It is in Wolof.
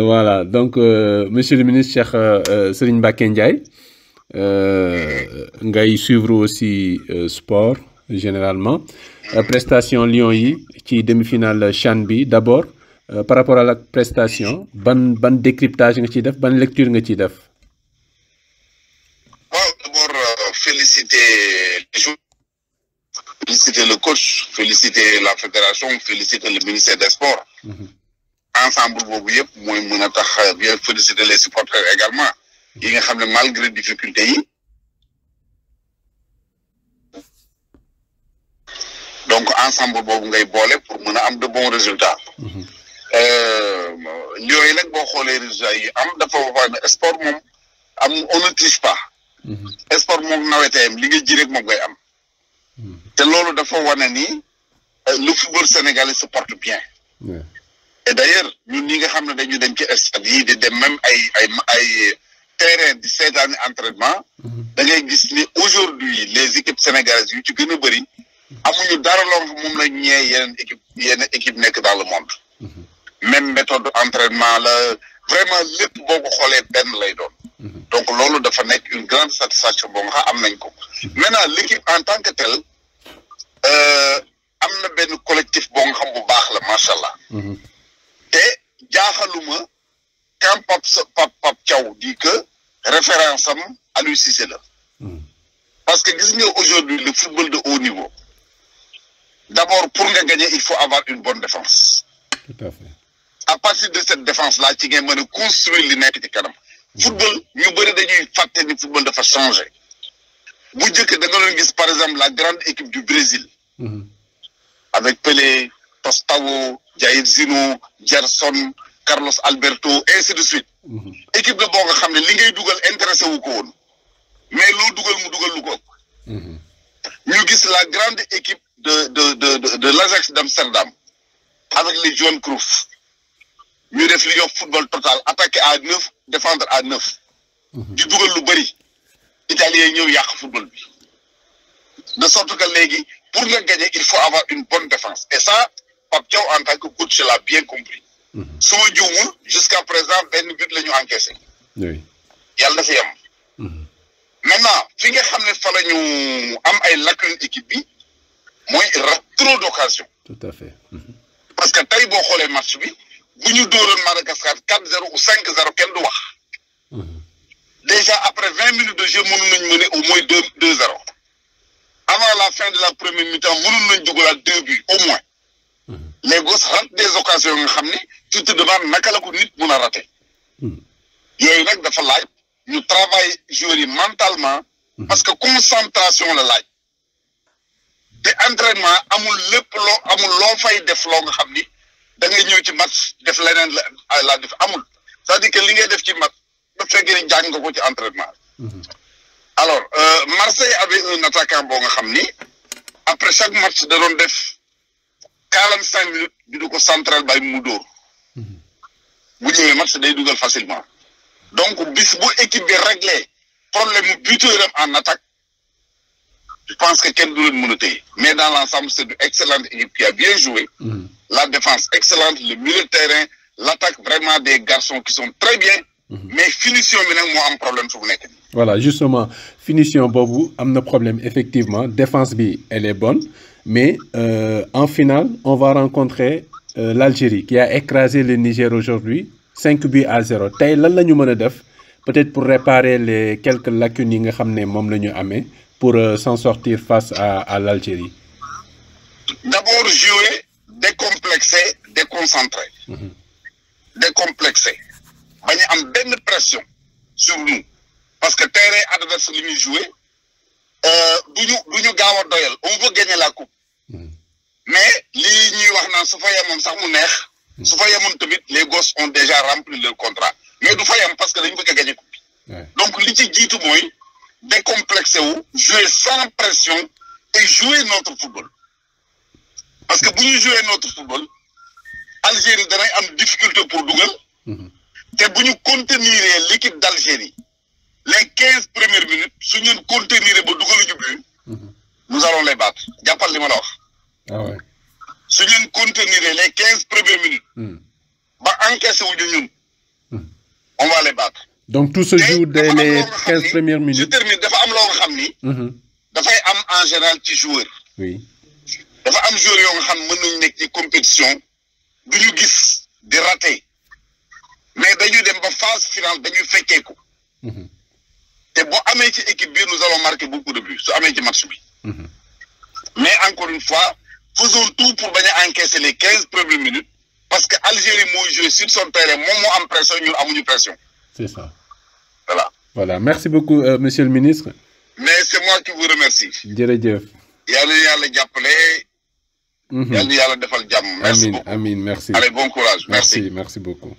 voilà donc euh, monsieur le ministre Cheikh euh, euh, Serigne Mbacké Ndiaye ngay suivre aussi sport généralement prestation Lions yi ci demi-finale CHAN bi d'abord par rapport à la prestation ban ban décryptage nga ciy def ban lecture nga ciy def. féliciter le coach féliciter la fédération féliciter le ministère des sports. Mm-hmm. ensemble boobu yëpp mooy mën a tax euh, bien féliciter les supporters également yi nga xam ne malgré difficulté yi donc ensemble boobu ngay boole pour mën a am de bons résultats mm-hmm. euh, yooyu nag boo xoolee résultats yi am dafa wax ne sport moom am on pas mm-hmm. sport moom naweteem li nga ji rek moom ngay am mm-hmm. te loolu dafa wane ni euh, le football sénégalais se porte bien d'ailleurs ñun ñi nga xam ne dañu dem ci stade yi di dem même ay ay ay terrain di seetaani entraînement mhm. da ngay gis ni aujourd'hui les équipes sénégalaises yu ci gën a bëri amuñu dara loo mom moom la ñee yeneen équipe yeneen équipe nekk dans le monde mhm. même méthode entraînement la vraiment lépp boo ko xoolee benn lay doon mhm. donc loolu dafa nekk une grande satisfaction boo nga am nañ ko maintenant l'équipe en tant que telle euh, am na benn collectif boo xam bu baax la macha allah te jaaxaluma quand Pap Pap Pap Thiaw dit que référence am Aliou Cissé la hmm. parce que gis nga aujourd'hui le football de haut niveau d'abord pour nga gagner il faut avoir une bonne défense à fait partir de cette défense là ci ngay mën a construire li nekk ci kanam hmm. football ñu bëri dañuy fàtte ni football dafa changé bu njëkk da nga gis par exemple la grande équipe du Brésil hmm. avec Pelé Tostao Jairzinho Gerson Carlos Alberto ainsi de suite. Mhm. équipe de boo nga xam ne li ngay dugal intéressé wu ko woon mais loo dugal mu dugal lu ko. Mhm. ñu gis la grande équipe de de de de l'Ajax d'Amsterdam avec les Johan Cruyff ñu def li ñuy wax football total attaquer à neuf défendre à neuf. Mhm. di dugal lu bëri. italiens ñëw yàq football bi. de sorte que léegi pour nga gagner il faut avoir une bonne défense et ça. Pape Thiaw en tant que coach l'a bien compris. Mhm. su ma jiwul jusqu'à présent benn but la ñu encaissé. oui yàlla dafa yem. Mhm. maintenant fi nga xam ne fa la ñu am ay lacunes équipe bi mooy rate trop d'occasion. tout à fait. Mhm. parce que tey boo xoolee match bi bu ñu dóoroon Madagascar 4-0 ou 5-0 kenn du wax. déjà après vingt minutes de jeu mënoon nañ mener au moins deux deux zéro. avant la fin de la première mi-temps mënoon nañ dugalaat deux bi au moins. Lagos rate des occasions nga xam ni tu te demandes naka la ko nit mun a raté. Hmm. yooyu nag dafa laaj ñu travail joueurs yi mentalement. Hmm. parce que concentration la laaj. te entraînement amul lépp loo amul loo fay def loo nga xam ni da ngay ñëw ci match def leneen la la def amul cest à li ngay def ci match daf fekkee ni ci entraînement. Hmm. alors euh, Marseille avait un attaquant boo nga xam ni après chaque match da def. quarante cinq minutes ñu di central bay mu dóor bu ñëwee match day dugal facilement donc bis bu équipe bi réglé problème mu en attaque je pense que kenn du leen mën a téye mais dans l'ensemble c'est une excellente équipe qui a bien joué mm-hmm. la défense excellente le milieu de terrain l'attaque vraiment des garçons qui sont très bien Mhm. mais finition bi nag moo am finition boobu am na problème effectivement défense bi elle est bonne mais euh, en finale on va rencontrer euh, l'Algérie qui a écrasé le Niger aujourd'hui 5 buts à 0 tey lan la ñu mën a def peut-être pour réparer les quelques lacunes yi nga xam ne moom la ñu amee pour euh, s'en sortir face à à l'Algérie. d'abord jouer décomplexé déconcentré. mm bañ am benn pression sur nous parce que terrain adverse li jouer joué euh, du ñu du ñu gaaw a doyal on veut gagner la coupe hmm. mais lii ñuy wax naan su fa yemoon sax mu neex hmm. su fa yemoon tamit les gosses ont déjà rempli leur contrat mais du fa yem parce que dañu bëgg a gagner donc li ci jiitu mooy décomplexé wu jouer sans pression et jouer notre football parce que bu ñuy jouer notre football Algérie danay am difficulté pour dugal hmm. te bu ñu contenir l'équipe d'Algérie les quinze premières minutes su ñu contenir ba dugalu jublu mhm. nous allons les battre jàppal li ma la wax. Ah su ñu contenir les quinze premières minutes. Hmm. ba encaissé wu ñu ñun. Hmm. on va les battre. donc tout se joue dès les quinze premières minutes. je termine dafa am loo nga xam ni. Mhm. dafay am en général ci joueur. dafa am joueur yoo nga xam mën nekk ci compétition du ñu gis di raté. mais dañuy dem ba fas finale dañuy fekkeeku mhm. te boo amee ci équipe bi nous allons marquer beaucoup de buts soo amee ci match bi mhm. mais encore une fois faisons tout pour bañ a encaisser les quinze premières minutes parce que Algérie moo joué sur son terrain moom moo am pression ñun amuñu pression c'est ça voilà voilà merci beaucoup euh, monsieur le ministre mais c'est moi qui vous remercie jërëjëf yàlla yàlla jàppale mhm. yàlla yàlla defal jàmm merci beaucoup amiin merci allez bon courage merci merci, beaucoup